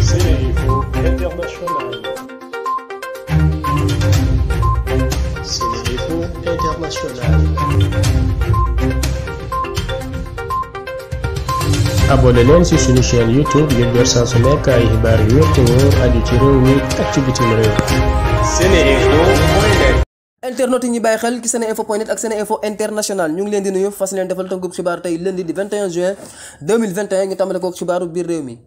Sénéinfo International. Sénéinfo International. abonné leen ci suñu chaîne YouTube ngir jot saa su nekk ay xibaar yu wér te wóor mi ak ci bitim internautes yi bàyyi xel ci sene info point net ak sene info international ñu ngi leen di nuyu fas leen defal tënkub xibaar tey lundi di juin ñu tàmbale kook xibaaru biir réew mi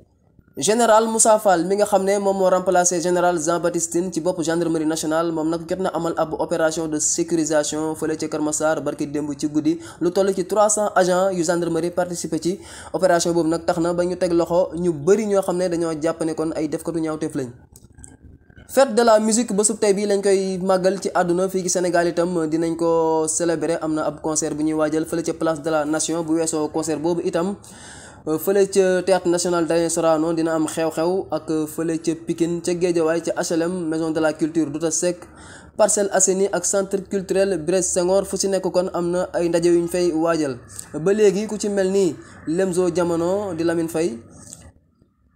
général Moussa mi nga xam ne moom moo remplacé général Jean Baptiste Tine ci bopp gendarmerie nationale moom nag jot na amal ab opération de sécurisation fële ca Kër Massar barki démb ci guddi lu toll ci agent agents yu gendarmerie participé ci opération boobu nag tax na ba ñu teg loxo ñu bëri ñoo xam ne dañoo jàpp ne kon ay defkatu ñaawteef lañ fête de la musique ba sub tey bii lañ koy màggal ci àdduna fii ci Sénégal itam dinañ ko célébrer am na ab concert bu ñuy waajal fële ca place de la nation bu weesoo concert boobu itam fële ca théâtre national Daniel Sorano dina am xew-xew ak fële ca Pikine ca Guédiawaye ca HLM maison de la culture Douta Seck Parcelles asseni ak centre culturel Blaise Senghor fu si nekk kon am na ay ndaje yu ñu fay waajal ba léegi ku ci mel ni Lemzo Jamono di lamin Faye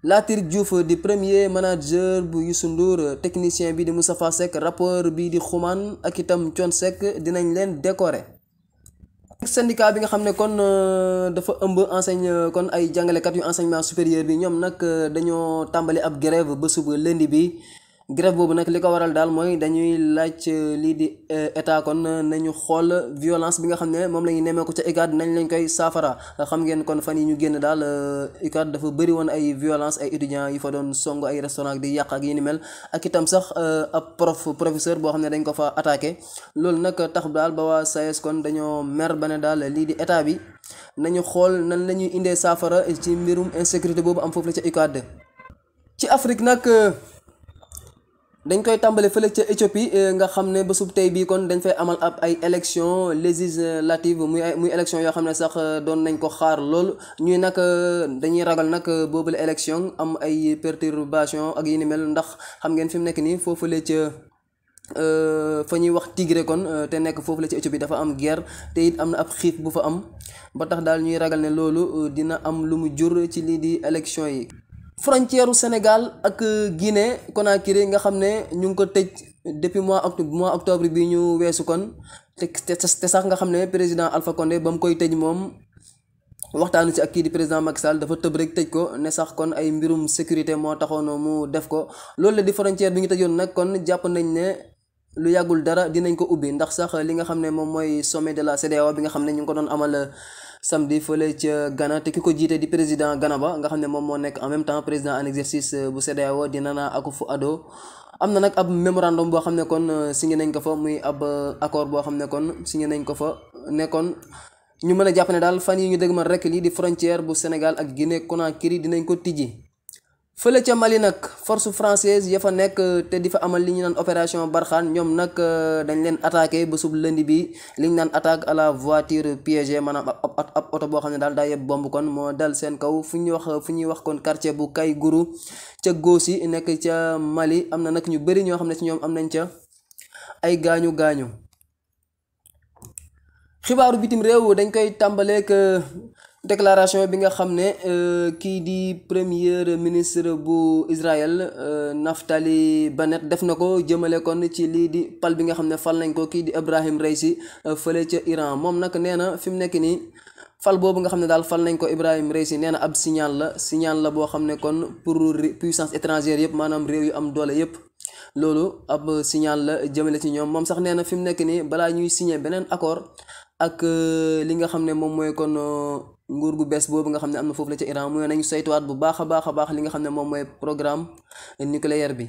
Latir Diouf di premier manager bu Youssou Ndour technicien bi di Moustapha Seck rappeur bi di Xuman ak itam Thione Seck dinañ leen décorer. syndicat bi nga xam ne kon euh, dafa ëmb enseigne kon ay jàngalekat yu enseignement supérieur bi ñoom nag euh, dañoo tàmbali ab grève ba suba lundi bi grève boobu nag li ko waral daal mooy dañuy laaj euh, lii di euh, état kon euh, nañu xool violence bi nga xam ne moom la ñu nemmeeku ca UCAD nañ lañ koy saafara xam ngeen kon fan yi ñu génn daal UCAD dafa bëri ay violence ay étudiants yi fa doon song ay restaurant di yàq ak yi ni ak itam sax ab prof professeur boo xam ne dañ ko fa attaqué loolu nag tax daal ba waa kon dañoo mer ba ne daal lii di état bi nañu xool nan la indee saafara ci mbirum insécurité boobu am foofu la ca UCAD ci Afrique nag dañ koy tàmbale fële ca Éthiopie eh, nga xam ne ba sub tey bii kon dañ fay amal ab ay élection législative muy muy élection yoo xam ne sax eh, doon nañ ko xaar lool ñuy nag eh, dañuy ragal nag boobul élection am ay perturbation ak yi mel ndax xam ngeen fi mu nekk nii foofu foofule ca fa ñuy wax Tigré kon te nekk foofu la ci Éthiopie dafa am guerre te it am na ab xiif bu fa am ba tax daal ñuy ragal ne loolu dina am lu mu jur ci lii di élection yi frontière u Sénégal ak Guinée Conakry nga xam ne ñu ngi ko tëj depuis mois octobre mois octobre bi ñu weesu kon te te sax nga xam ne président Alpha Condé ba mu koy tëj moom waxtaanu ci ak kii di président Macky Sall dafa tëb rek tëj ko ne sax kon ay mbirum sécurité moo taxoon mu def ko loolu la di frontière bi ñu tëjoon nag kon jàpp nañ ne lu yàggul dara dinañ ko ubbi ndax sax li nga xam ne moom mooy sommet de la CEDEAO bi nga xam ne ñu ngi ko doon amal samedi fële ca Ghana te ki ko jiite di président gana ba nga xam ne moom moo nekk en même temps président en exercice euh, bu CEDEAO di Nana Akufo-Addo am na nag ab mémorandum boo xam ne kon euh, signé nañ ko fa muy ab euh, accord boo xam ne kon signé nañ ko fa nekkoon ñu mën a jàpp ne daal fan yi ñu dégg ma rek lii di frontière bu Sénégal ak Guinée Conakry dinañ ko tijji. fële ca Mali nag force française ya fa nekk te di fa amal li ñu naan opération Barkhane ñoom nag euh, dañ leen attaqué ba sub lënd bi li ñu naan attaque à la voiture piégée maanaam ab ab oto boo xam ne daal daa yeb bomb kon moo dal seen kaw fu ñuy wax fu ñuy wax kon quartier bu Kaïgourou ca Gossi nekk ca Mali am na nag ñu bëri ñoo xam ne ci ñoom am nañ ca ay gaañu gaañu xibaaru bitim réew dañ koy tàmbaleek euh, déclaration bi nga xam ne euh, kii di premier ministre bu Israël euh, Naftali Bennett def na ko jëmale kon ci lii di pal bi nga xam ne fal nañ ko kii di Ibrahim Raisi euh, fële ca Iran moom nag nee na fi mu nekk nii fal boobu nga xam ne daal fal nañ ko Ibrahim Raisi nee na ab signal la signal la boo xam ne kon pour puissance étrangère yëpp maanaam réew yu am doole yëpp loolu ab signal la jëmale si ñoom moom sax nee na fi mu nekk nii balaa ñuy signé beneen accord ak li nga xam ne moom mooy kon. nguur gu bees boobu nga xam ne am na foofu la ca Iran mooy nañu saytuwaat bu baax a baax a baax li nga xam ne moom mooy programme nucléaire bi.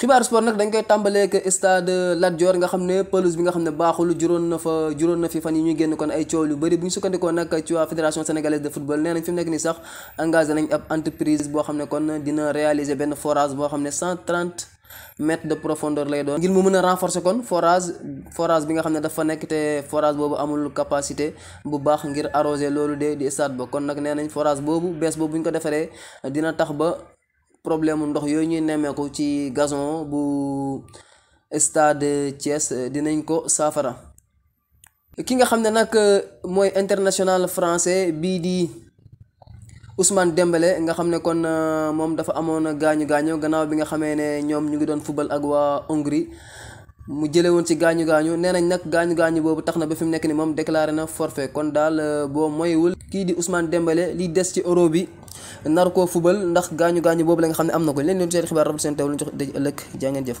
xibaar sport nag dañ koy tàmbalee ak stade Lat Dior nga xam ne pelouse bi nga xam ne baaxul juróon na fa juróon na fi fan yi ñuy génn kon ay coow yu bëri bu ñu sukkandikoo nag ci waa fédération sénégalaise de football nee nañ nekk nii sax engagé nañ ab entreprise boo xam ne kon dina réaliser benn forage boo xam ne 130. mètre de profondeur lay doon ngir mu mën a renforcer kon forage forage bi nga xam ne dafa nekk te forage boobu amul capacité bu baax ngir arroser loolu de di stade ba kon nag nee nañ forage boobu bees boobu ñu ko defaree dina tax ba problème ndox yooyu ñuy nemmeeku ci gazon bu stade Thiès dinañ ko saafara ki nga xam ne nag mooy international français bii di. Ousmane Dembélé nga xam ne kon euh, moom dafa amoon gaañu gaañu gannaaw bi nga xamee ne ñoom ñu ngi doon football ak waa Hongrie mu jëlee woon ci gaañu gaañu nee nañ nag gaañu gaañu boobu tax na ba fi mu nekk nii moom déclaré na forfait kon daal euh, boo moywul kii di Ousmane Dembélé li des ci euro bi nar ko football ndax gaañu gaañu boobu la nga xam ne am na ko leen doon seen xibaar rafetlu seen teew lu ñu jox ëllëg jaa jëf.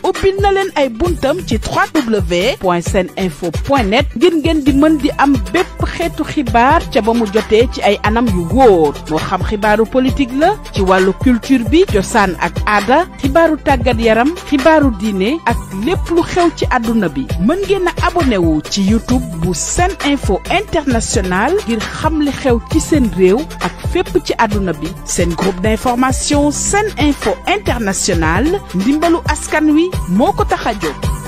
ubbil na leen ay buntam ci seen info net ngir ngeen di mën di am bépp xeetu xibaar ca ba mu jotee ci ay anam yu wóor moo xam xibaaru politique la ci wàllu culture bi josaan ak aada xibaaru tàggat yaram xibaaru diine ak lépp lu xew ci àdduna bi mën ngeen a wu ci YouTube bu Sene Info International ngir xam li xew ci seen réew ak fépp ci àdduna bi seen groupe d'information Sene Info International ndimbalu askan wi moo ko tax a jóg